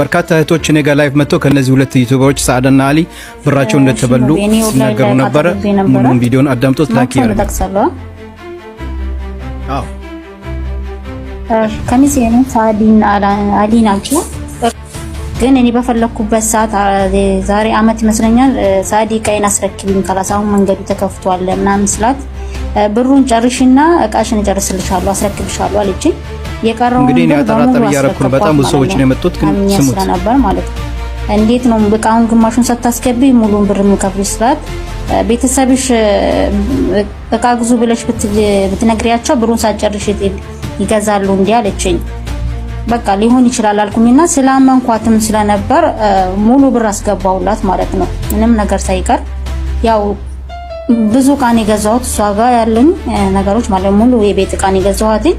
በርካታ እህቶች እኔ ጋር ላይቭ መጥተው ከነዚህ ሁለት ዩቲዩበሮች ሳዕዳና አሊ ብራቸው እንደተበሉ ሲናገሩ ነበረ። ሙሉን ቪዲዮን አዳምጦት ላኪ ያለ አዎ፣ ከነዚህ አሊ ናቸው። ግን እኔ በፈለግኩበት ሰዓት ዛሬ አመት ይመስለኛል ሳዲ ቀይን አስረክብኝ ካላስ አሁን መንገዱ ተከፍቷል ምናምን ስላት ብሩን ጨርሽና እቃሽን እጨርስልሻለሁ አስረክብሻለሁ አለችኝ። የቀረው እንግዲህ ነው ያጠራጠር እያደረኩ ነው። በጣም ብዙ ሰዎች ነው የመጡት፣ ግን ስሙት ነበር ማለት ነው። እንዴት ነው በቃውን ግማሹን ሳታስገቢ ሙሉን ብር የሚከፍሉ ስርዓት ቤተሰብሽ እቃ ግዙ ብለሽ ብትነግሪያቸው ብሩን ሳጨርሽ ይገዛሉ እንዲህ አለችኝ። በቃ ሊሆን ይችላል አልኩኝና ስላመንኳትም ስለነበር ሙሉ ብር አስገባውላት ማለት ነው፣ ምንም ነገር ሳይቀር ያው ብዙ እቃን የገዛሁት እሷ ጋር ያለኝ ነገሮች ማለት ሙሉ የቤት እቃን የገዛኋትኝ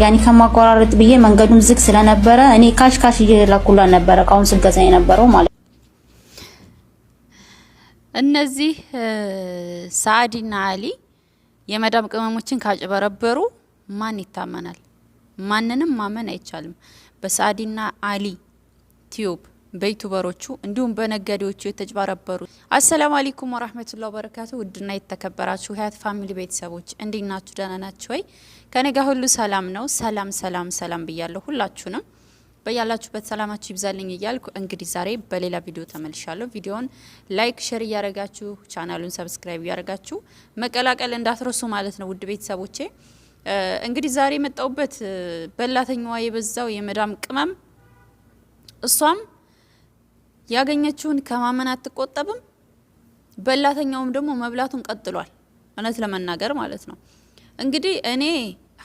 ያኔ ከማቆራረጥ ብዬ መንገዱም ዝግ ስለነበረ እኔ ካሽ ካሽ እየላኩላ ነበረ እቃውን ስገዛ የነበረው ማለት እነዚህ ሳዕዲና አሊ የመዳም ቅመሞችን ካጭበረበሩ ማን ይታመናል? ማንንም ማመን አይቻልም። በሳዕዲና አሊ ቲዩብ በዩቱበሮቹ እንዲሁም በነጋዴዎቹ የተጭበረበሩት። አሰላሙ አለይኩም ወራህመቱላ ወበረካቱ። ውድና የተከበራችሁ ሀያት ፋሚሊ ቤተሰቦች እንዴት ናችሁ? ደህና ናችሁ ወይ? ከኔጋ ሁሉ ሰላም ነው። ሰላም ሰላም ሰላም ብያለሁ ሁላችሁንም በያላችሁበት ሰላማችሁ ይብዛልኝ እያልኩ እንግዲህ ዛሬ በሌላ ቪዲዮ ተመልሻለሁ። ቪዲዮን ላይክ፣ ሼር እያደረጋችሁ ቻናሉን ሰብስክራይብ እያደረጋችሁ መቀላቀል እንዳትረሱ ማለት ነው ውድ ቤተሰቦቼ። እንግዲህ ዛሬ የመጣውበት በላተኛዋ የበዛው የመዳም ቅመም እሷም ያገኘችውን ከማመን አትቆጠብም። በላተኛውም ደግሞ መብላቱን ቀጥሏል። እውነት ለመናገር ማለት ነው እንግዲህ እኔ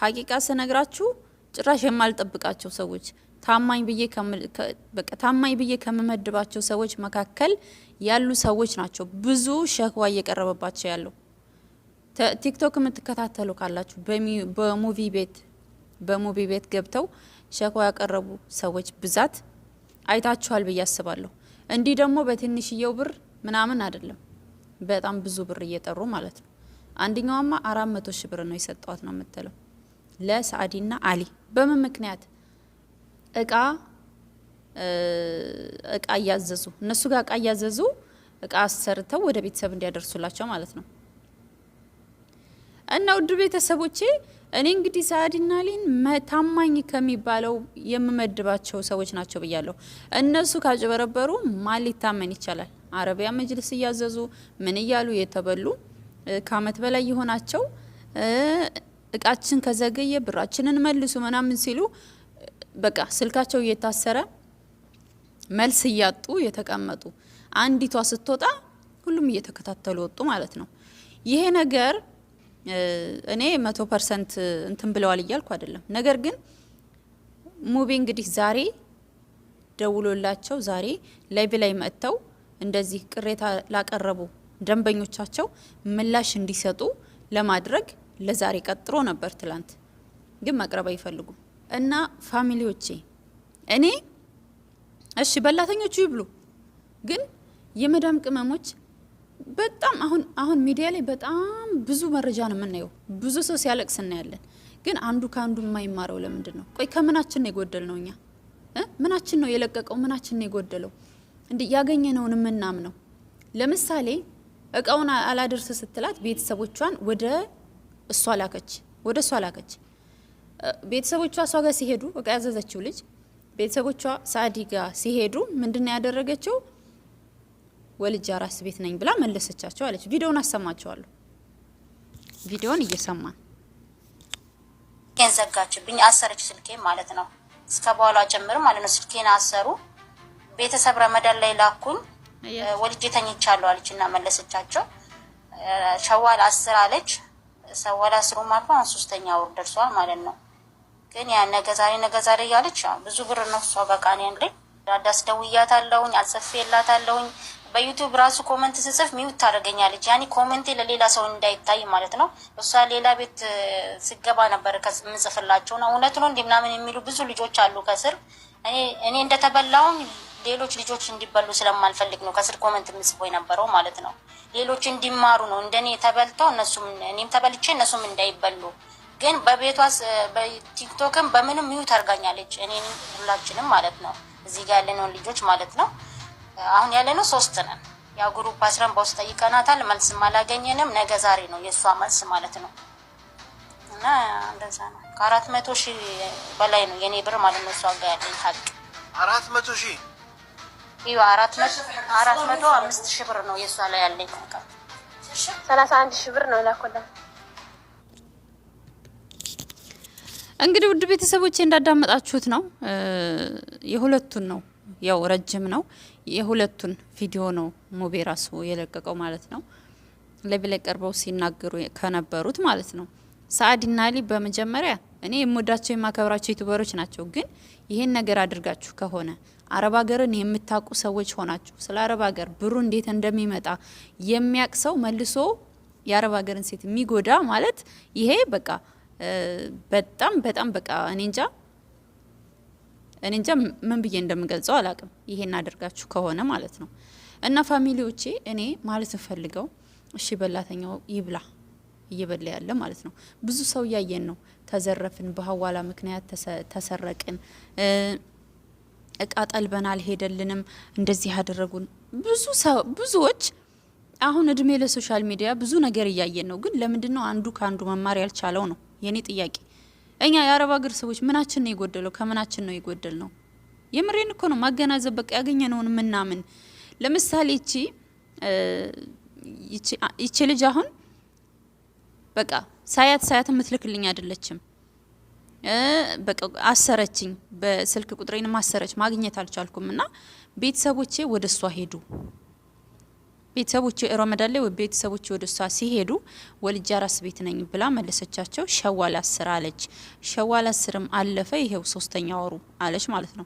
ሀቂቃ ስነግራችሁ ጭራሽ የማልጠብቃቸው ሰዎች ታማኝ ብዬ በቃ ታማኝ ብዬ ከምመድባቸው ሰዎች መካከል ያሉ ሰዎች ናቸው። ብዙ ሸክዋ እየቀረበባቸው ያለው ቲክቶክ የምትከታተሉ ካላችሁ በሙቪ ቤት በሙቪ ቤት ገብተው ሸክዋ ያቀረቡ ሰዎች ብዛት አይታችኋል ብዬ አስባለሁ። እንዲህ ደግሞ በትንሽየው ብር ምናምን አይደለም፣ በጣም ብዙ ብር እየጠሩ ማለት ነው። አንደኛዋማ አራት መቶ ሺ ብር ነው የሰጠዋት ነው የምትለው ለሳአዲና አሊ። በምን ምክንያት እቃ እቃ እያዘዙ እነሱ ጋር እቃ እያዘዙ እቃ አሰርተው ወደ ቤተሰብ እንዲያደርሱላቸው ማለት ነው። እና ውድ ቤተሰቦቼ እኔ እንግዲህ ሳዕድና ሊን ታማኝ ከሚባለው የምመድባቸው ሰዎች ናቸው ብያለሁ። እነሱ ካጭበረበሩ ማን ሊታመን ይቻላል? አረቢያ መጅልስ እያዘዙ ምን እያሉ የተበሉ ከአመት በላይ የሆናቸው እቃችን ከዘገየ ብራችንን መልሱ ምናምን ሲሉ በቃ ስልካቸው እየታሰረ መልስ እያጡ የተቀመጡ አንዲቷ ስትወጣ ሁሉም እየተከታተሉ ወጡ ማለት ነው። ይሄ ነገር እኔ መቶ ፐርሰንት እንትን ብለዋል እያልኩ አይደለም። ነገር ግን ሙቪ እንግዲህ ዛሬ ደውሎላቸው ዛሬ ላይቭ ላይ መጥተው እንደዚህ ቅሬታ ላቀረቡ ደንበኞቻቸው ምላሽ እንዲሰጡ ለማድረግ ለዛሬ ቀጥሮ ነበር። ትላንት ግን መቅረብ አይፈልጉም እና ፋሚሊዎቼ እኔ እሺ በላተኞቹ ይብሉ፣ ግን የመዳም ቅመሞች በጣም አሁን አሁን ሚዲያ ላይ በጣም ብዙ መረጃ ነው የምናየው። ብዙ ሰው ሲያለቅስ እናያለን። ግን አንዱ ከአንዱ የማይማረው ለምንድን ነው? ቆይ ከምናችን ነው የጎደል ነው? እኛ ምናችን ነው የለቀቀው? ምናችን ነው የጎደለው? እንዲህ ያገኘነውን የምናምነው። ለምሳሌ እቃውን አላደርስ ስትላት ቤተሰቦቿን ወደ እሷ ላከች፣ ወደ እሷ ላከች። ቤተሰቦቿ እሷ ጋር ሲሄዱ እቃ ያዘዘችው ልጅ ቤተሰቦቿ ሳዲ ጋር ሲሄዱ ምንድን ነው ያደረገችው? ወልጅ አራስ ቤት ነኝ ብላ መለሰቻቸው አለች። ቪዲዮውን አሰማቸዋለሁ። ቪዲዮውን እየሰማን ዘጋችብኝ፣ አሰረች ስልኬን ማለት ነው። እስከ በኋላ ጭምር ማለት ነው። ስልኬን አሰሩ። ቤተሰብ ረመዳን ላይ ላኩኝ፣ ወልጄ ተኝቻለሁ አለች እና መለሰቻቸው። ሸዋል አስር አለች። ሸዋል አስሩ ማለት አሁን ሶስተኛ ወር ደርሷል ማለት ነው። ግን ያ ነገ ዛሬ ነገ ዛሬ እያለች ብዙ ብር ነው እሷ በቃ እኔ ዳዳስ የላት አለውኝ በዩቲዩብ ራሱ ኮመንት ስጽፍ ሚውት ታደርገኛለች። ያኔ ኮመንቴ ለሌላ ሰው እንዳይታይ ማለት ነው። እሷ ሌላ ቤት ስገባ ነበር ምጽፍላቸው ነው። እውነት ነው እንዲህ ምናምን የሚሉ ብዙ ልጆች አሉ ከስር። እኔ እንደተበላውን ሌሎች ልጆች እንዲበሉ ስለማልፈልግ ነው ከስር ኮመንት ምጽፎ የነበረው ማለት ነው። ሌሎች እንዲማሩ ነው እንደኔ ተበልተው እነሱም እኔም ተበልቼ እነሱም እንዳይበሉ ግን በቤቷ በቲክቶክም በምንም ሚውት አድርጋኛለች። እኔ ሁላችንም ማለት ነው እዚህ ጋር ያለነውን ልጆች ማለት ነው። አሁን ያለነው ሶስት ነን። ያው ግሩፕ አስረን በውስጥ ጠይቀናታል፣ መልስም አላገኘንም። ነገ ዛሬ ነው የእሷ መልስ ማለት ነው። እና እንደዛ ነው። ከአራት መቶ ሺህ በላይ ነው የኔ ብር ማለት ነው። እሷ ጋር ያለኝ ሀቅ አራት መቶ ሺህ ይኸው አራት መቶ አምስት ሺህ ብር ነው የእሷ ላይ ያለኝ ሰላሳ አንድ ሺህ ብር ነው ላኮላት እንግዲህ ውድ ቤተሰቦች እንዳዳመጣችሁት ነው። የሁለቱን ነው ያው ረጅም ነው። የሁለቱን ቪዲዮ ነው ሙቤ ራሱ የለቀቀው ማለት ነው። ለቢለ ቀርበው ሲናገሩ ከነበሩት ማለት ነው። ሰአዲና አሊ በመጀመሪያ እኔ የምወዳቸው የማከብራቸው ዩቱበሮች ናቸው። ግን ይህን ነገር አድርጋችሁ ከሆነ አረብ ሀገርን የምታውቁ ሰዎች ሆናችሁ ስለ አረብ ሀገር ብሩ እንዴት እንደሚመጣ የሚያቅ ሰው መልሶ የአረብ ሀገርን ሴት የሚጎዳ ማለት ይሄ በቃ በጣም በጣም በቃ እኔ እንጃ እኔ እንጃ ምን ብዬ እንደምገልጸው አላቅም። ይሄን አድርጋችሁ ከሆነ ማለት ነው። እና ፋሚሊዎቼ እኔ ማለት እንፈልገው እሺ፣ በላተኛው ይብላ እየበላ ያለ ማለት ነው። ብዙ ሰው እያየን ነው። ተዘረፍን፣ በሀዋላ ምክንያት ተሰረቅን፣ እቃ ጠልበን አልሄደልንም፣ እንደዚህ ያደረጉን ብዙ ብዙዎች አሁን እድሜ ለሶሻል ሚዲያ ብዙ ነገር እያየን ነው። ግን ለምንድን ነው አንዱ ከአንዱ መማር ያልቻለው ነው? የኔ ጥያቄ። እኛ የአረብ ሀገር ሰዎች ምናችን ነው የጎደለው? ከምናችን ነው የጎደል ነው? የምሬን እኮ ነው። ማገናዘብ በቃ ያገኘነውን ምናምን። ለምሳሌ ይቺ ይቺ ልጅ አሁን በቃ ሳያት ሳያት የምትልክልኝ አይደለችም። በቃ አሰረችኝ፣ በስልክ ቁጥሬን ማሰረች፣ ማግኘት አልቻልኩም። እና ቤተሰቦቼ ወደ እሷ ሄዱ። ቤተሰቦች ረመዳን ላይ ቤተሰቦች ወደ እሷ ሲሄዱ ወልጃ ራስ ቤት ነኝ ብላ መለሰቻቸው። ሸዋል አስር አለች። ሸዋል አስርም አለፈ። ይሄው ሶስተኛ ወሩ አለች ማለት ነው።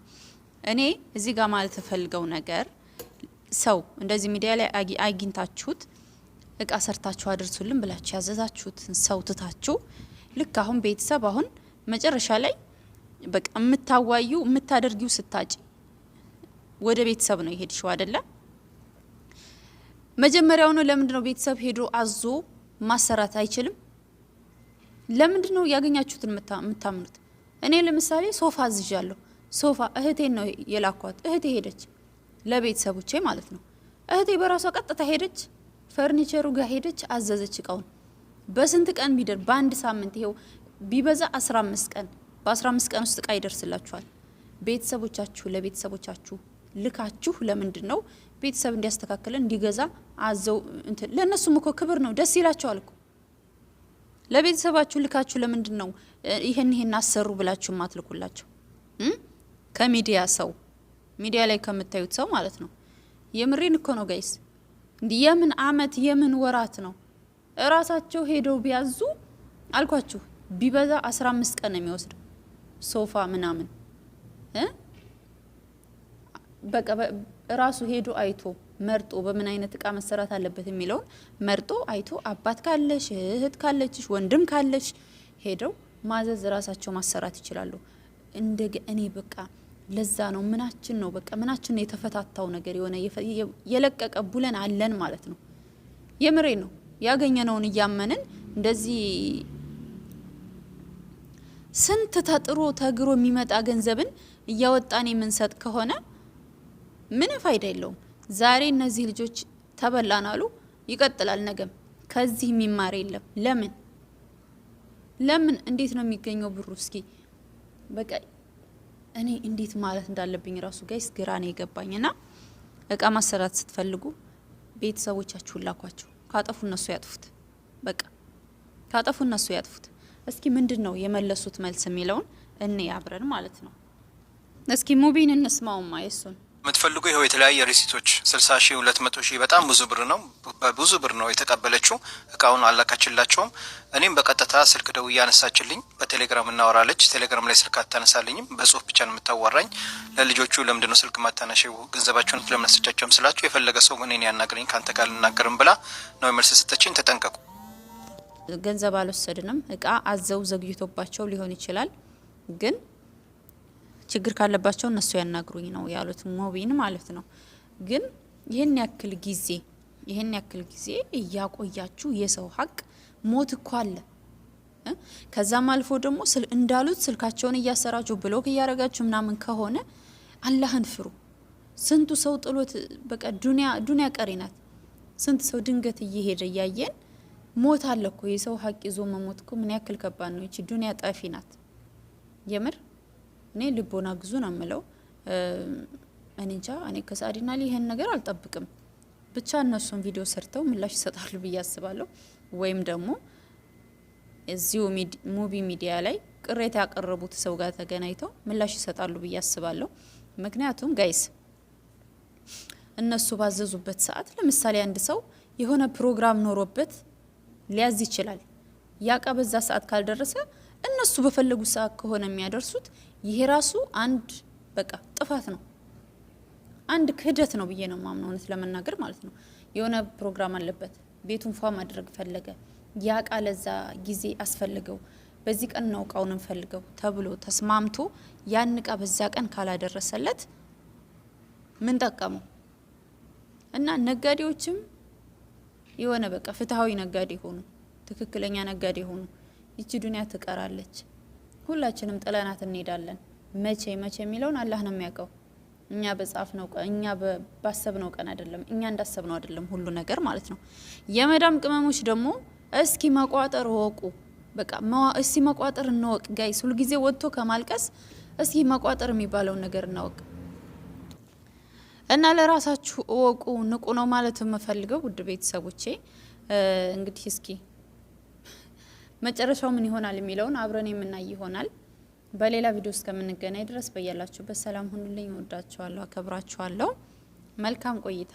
እኔ እዚህ ጋር ማለት ተፈልገው ነገር ሰው እንደዚህ ሚዲያ ላይ አግኝታችሁት እቃ ሰርታችሁ አድርሱልን ብላችሁ ያዘዛችሁትን ሰው ትታችሁ ልክ አሁን ቤተሰብ አሁን መጨረሻ ላይ በቃ የምታዋዩ የምታደርጊው ስታጭ ወደ ቤተሰብ ነው የሄድሽው አይደለም መጀመሪያውኑ ለምንድን ነው ቤተሰብ ሄዶ አዞ ማሰራት አይችልም? ለምንድን ነው ያገኛችሁትን የምታምኑት? እኔ ለምሳሌ ሶፋ አዝዣለሁ። ሶፋ እህቴን ነው የላኳት። እህቴ ሄደች፣ ለቤተሰቦቼ ማለት ነው። እህቴ በራሷ ቀጥታ ሄደች፣ ፈርኒቸሩ ጋር ሄደች፣ አዘዘች እቃውን። በስንት ቀን ቢደር በአንድ ሳምንት ይሄው ቢበዛ 15 ቀን በ15 ቀን ውስጥ እቃ ይደርስላችኋል። ቤተሰቦቻችሁ ለቤተሰቦቻችሁ ልካችሁ ለምንድን ነው ቤተሰብ እንዲያስተካክል እንዲገዛ አዘው እንትን ለእነሱም እኮ ክብር ነው፣ ደስ ይላቸዋል እኮ ለቤተሰባችሁ ልካችሁ ለምንድን ነው ይሄን ይሄን አሰሩ ብላችሁ ማትልኩላቸው? ከሚዲያ ሰው ሚዲያ ላይ ከምታዩት ሰው ማለት ነው። የምሬን እኮ ነው ጋይስ። እንዲህ የምን አመት የምን ወራት ነው እራሳቸው ሄደው ቢያዙ አልኳችሁ፣ ቢበዛ አስራ አምስት ቀን ነው የሚወስድ ሶፋ ምናምን ራሱ ሄዶ አይቶ መርጦ በምን አይነት እቃ መሰራት አለበት የሚለውን መርጦ አይቶ አባት ካለሽ እህት ካለችሽ ወንድም ካለሽ ሄደው ማዘዝ ራሳቸው ማሰራት ይችላሉ። እንደ እኔ በቃ ለዛ ነው ምናችን ነው በቃ ምናችን ነው የተፈታታው ነገር የሆነ የለቀቀ ቡለን አለን ማለት ነው። የምሬ ነው ያገኘነውን እያመንን እንደዚህ ስንት ተጥሮ ተግሮ የሚመጣ ገንዘብን እያወጣን የምንሰጥ ከሆነ ምንም ፋይዳ የለውም። ዛሬ እነዚህ ልጆች ተበላን አሉ፣ ይቀጥላል ነገም። ከዚህ የሚማር የለም። ለምን ለምን እንዴት ነው የሚገኘው ብሩ? እስኪ በቃ እኔ እንዴት ማለት እንዳለብኝ ራሱ ጋይስ ግራ ነው የገባኝ። ና እቃ ማሰራት ስትፈልጉ ቤተሰቦቻችሁን ላኳቸው። ካጠፉ እነሱ ያጥፉት፣ በቃ ካጠፉ እነሱ ያጥፉት። እስኪ ምንድን ነው የመለሱት መልስ የሚለውን እኔ አብረን ማለት ነው። እስኪ ሙቢን እንስማውማ የሱን የምትፈልጉ ይኸው የተለያየ ሪሲቶች ስልሳ ሺ ሁለት መቶ ሺህ በጣም ብዙ ብር ነው። በብዙ ብር ነው የተቀበለችው። እቃውን አላካችላቸውም። እኔም በቀጥታ ስልክ ደው እያነሳችልኝ በቴሌግራም እናወራለች። ቴሌግራም ላይ ስልክ አታነሳልኝም፣ በጽሁፍ ብቻ ነው የምታወራኝ። ለልጆቹ ለምንድን ነው ስልክ ማታነሽ? ገንዘባቸውን ለምን ስላቸው የፈለገ ሰው እኔን ያናግረኝ ከአንተ ጋር ልናገርም ብላ ነው መልስ ሰጠችኝ። ተጠንቀቁ። ገንዘብ አልወሰድንም። እቃ አዘው ዘግይቶባቸው ሊሆን ይችላል ግን ችግር ካለባቸው እነሱ ያናግሩኝ ነው ያሉት ሞቢን ማለት ነው። ግን ይህን ያክል ጊዜ ይህን ያክል ጊዜ እያቆያችሁ የሰው ሀቅ ሞት እኮ አለ። ከዛም አልፎ ደግሞ እንዳሉት ስልካቸውን እያሰራችሁ ብሎክ እያረጋችሁ ምናምን ከሆነ አላህን ፍሩ። ስንቱ ሰው ጥሎት በቃ ዱኒያ ዱኒያ ቀሪ ናት። ስንት ሰው ድንገት እየሄደ እያየን ሞት አለ እኮ የሰው ሀቅ ይዞ መሞት እኮ ምን ያክል ከባድ ነው። ይቺ ዱኒያ ጠፊ ናት የምር እኔ ልቦና ግዙ ነው የምለው። እኔ እንጃ እኔ ከሳዲና ይህን ነገር አልጠብቅም። ብቻ እነሱን ቪዲዮ ሰርተው ምላሽ ይሰጣሉ ብዬ አስባለሁ። ወይም ደግሞ እዚሁ ሙቪ ሚዲያ ላይ ቅሬታ ያቀረቡት ሰው ጋር ተገናኝተው ምላሽ ይሰጣሉ ብዬ አስባለሁ። ምክንያቱም ጋይስ እነሱ ባዘዙበት ሰዓት ለምሳሌ አንድ ሰው የሆነ ፕሮግራም ኖሮበት ሊያዝ ይችላል። ያቀ በዛ ሰዓት ካልደረሰ እነሱ በፈለጉት ሰዓት ከሆነ የሚያደርሱት ይሄ ራሱ አንድ በቃ ጥፋት ነው፣ አንድ ክህደት ነው ብዬ ነው ማምነው። እውነት ለመናገር ማለት ነው የሆነ ፕሮግራም አለበት፣ ቤቱን ፏ ማድረግ ፈለገ፣ ያ ቃ ለዛ ጊዜ አስፈልገው፣ በዚህ ቀን ነው እቃውን እንፈልገው ተብሎ ተስማምቶ ያን እቃ በዛ ቀን ካላደረሰለት ምን ጠቀመው? እና ነጋዴዎችም የሆነ በቃ ፍትሐዊ ነጋዴ ሆኑ፣ ትክክለኛ ነጋዴ ሆኑ። ይቺ ዱንያ ትቀራለች። ሁላችንም ጥለናት እንሄዳለን። መቼ መቼ የሚለውን አላህ ነው የሚያውቀው። እኛ በጻፍ ነው እኛ ባሰብ ነው ቀን አይደለም፣ እኛ እንዳሰብ ነው አይደለም ሁሉ ነገር ማለት ነው። የመዳም ቅመሞች ደግሞ እስኪ መቋጠር ወቁ። በቃ እስኪ መቋጠር እንወቅ ጋይስ። ሁልጊዜ ወጥቶ ከማልቀስ እስኪ መቋጠር የሚባለውን ነገር እናወቅ እና ለራሳችሁ እወቁ፣ ንቁ ነው ማለት የምፈልገው ውድ ቤተሰቦቼ እንግዲህ እስኪ መጨረሻው ምን ይሆናል የሚለውን አብረን የምናይ ይሆናል። በሌላ ቪዲዮ እስከምንገናኝ ድረስ በያላችሁበት ሰላም ሁኑልኝ። ወዳችኋለሁ፣ አከብራችኋለሁ። መልካም ቆይታ